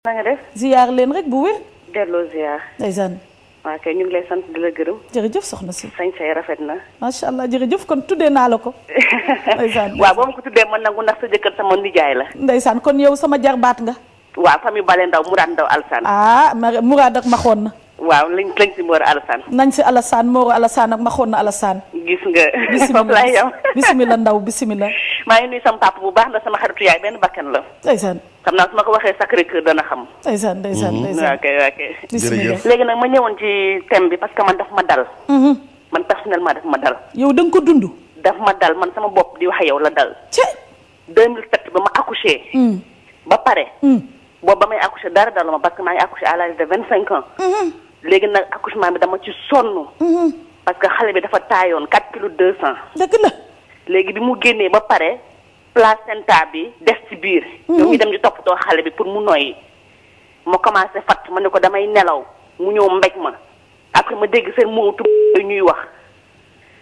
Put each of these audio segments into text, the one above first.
na nga def leen rek bu wér. delloo ziar. ndeysaan. waaw kay ñu ngi lay sant di la gërëm. jërëjëf soxna si. sañ say rafet na. macha allah jërëjëf kon tuddee naa la ko. ndeysaan waaw boo ma ko tuddee man nangu ndax sa jëkkër sama nijaay la. ndeysaan kon yow sama jarbaat nga. waaw famille Bale Ndaw Mourad Ndaw Alassane. ah Mourad ak Maxoon na. waaw lañ lañ si Mor Alassane. nañ si Alassane Mor Alassane ak Maxoon na Alassane. gis nga. foofu laay yam bisimilah bisimilah ndaw bisimilah. maa ngi nuyu sama papa bu baax ndax sama xaritu yaay benn bakkan la. ndeysaan xam naa su ma ko waxee Sacré Cœur dana xam. ndeysaan ndeysaan mhm. ndeysaan. ok léegi nag ma ñëwoon ci thème bi parce que man daf ma dal. Mhm. man personnellement daf ma dal. yow da nga ko dund. daf ma dal man sama bopp di wax yow la dal. ci 2007 ba ma accouché. Mhm. ba pare. boobu ba may accouché dara daluma parce que maa ngi accouché à l'âge de 25 ans. léegi nag accouchement bi dama ci sonn. parce que xale bi dafa taayoon 4 kilos 200. dëgg la léegi bi mu génnee ba pare. placenta bi des ci biir. Mhm. ñoom ñu dem di toppatoo xale bi pour mu noyyi. ma commencé fatt ma ne ko damay nelaw mu ñëw mbéj ma après ma dégg seen mootu ñuy wax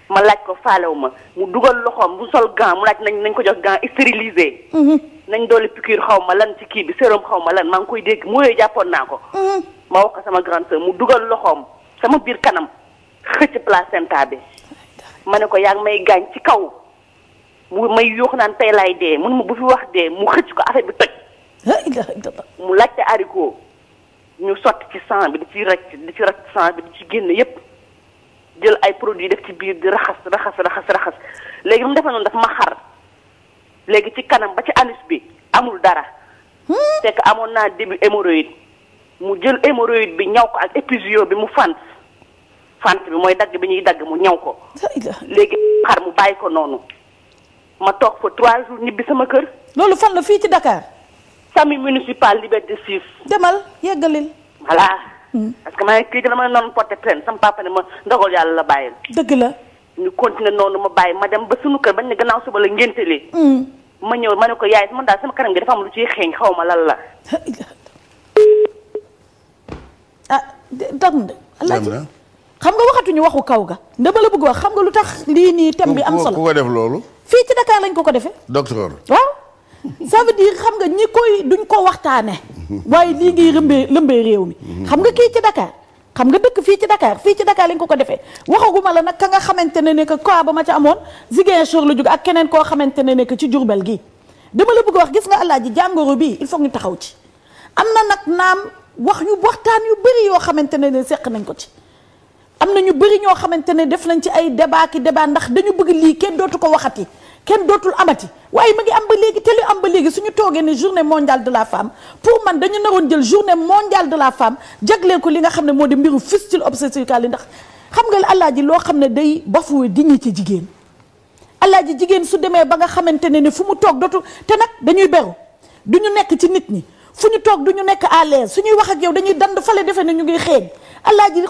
ma laaj ko faalew ma mu dugal loxoom bu sol gant mu laaj nañ nañ ko jox gant stérilisé. Mhm. nañ doole piqûre xaw ma lan ci kii bi sérum xaw ma lan maa ngi koy dégg mu yooyu jàppoon naa ko. Mhm. ma wax ko sama grande sœur mu dugal loxoom sama biir kanam xëcc placenta bi ma ne ko yaa ngi may gaañ ci kaw. mu may yoox naan tey laay de mun ma bu fi wax dee mu xëcc ko affaire bi toj. mu laajte ariko ñu sotti ci sang bi di ci racc di ci racc sang bi di ci génn yépp jël ay produits def ci biir di raxas raxas raxas raxas léegi mu defee noonu dafa ma xar léegi ci kanam ba ci anus bi amul dara. Hmm? fekk amoon naa début hémorroïde mu jël hémorroïde bi ñaw ko ak épisio bi mu fant fant bi mooy dagg bi ñuy dagg mu ñaw ko. léegi xar mu bàyyi ko noonu. ma toog fa trois jours ñibbi sama kër. loolu fan la fii ci Dakar. sami municipal Liberté 6. demal yeggalil. voilà. Hmm. parce que maa ngi kii dama noonu porté plainte sama ma ndogal yàlla la bàyyil. dëgg la. ñu continuer noonu ma bàyyi ma dem ba suñu kër bañ ne gannaaw suba la ngéntelee. Hmm. ma ñëw ma ne ko yaay man daal sama kanam gi dafa am lu ciy xeeñ xaw ma la. ah xam nga waxatuñu waxu kaw ga. dama la bëgg wax xam nga lu tax lii nii thème bi am solo ku ko def loolu. Dakar lañ ko ko defee. docteur waaw. ça veut xam nga ñi koy duñ ko waxtaanee. waaye lii ngi rëmbee lëmbee réew mi. xam nga kii ci Dakar. xam nga dëkk fii ci Dakar fii ci Dakar lañ ko ko defee waxaguma la nag ka nga xamante ne ne que quoi ba ma ca amoon Ziguinchor la jóg ak keneen koo xamante ne ne que ci Jurbel gi dama la bëgg a wax gis nga Alaaji jàngoro bii il faut ñu taxaw ci. am na nag naam wax ñu waxtaan yu bëri yoo xamante ne ne seq nañ ko ci am na ñu bëri ñoo xamante ne def nañ ci ay débat ki débat dañu bëgg lii kenn dootu ko waxati. kenn dootul amati waaye mu ngi am ba léegi te li am ba léegi suñu toogee ne journée mondiale de la femme pour man dañu naroon jël journée mondiale de la femme jagleel ko li nga xam ne moo di mbiru fistule obstétricale yi ndax xam nga allah ji loo xam ne day di diñu ci jigéen allah ji jigéen su demee ba nga xamante ne ni fu mu toog dootul te nag dañuy beru du ñu nekk ci nit ñi fu ñu toog du ñu nekk à l'aise suñuy wax ak yow dañuy dand fale defe ne ñu ngi xeeñ allah ji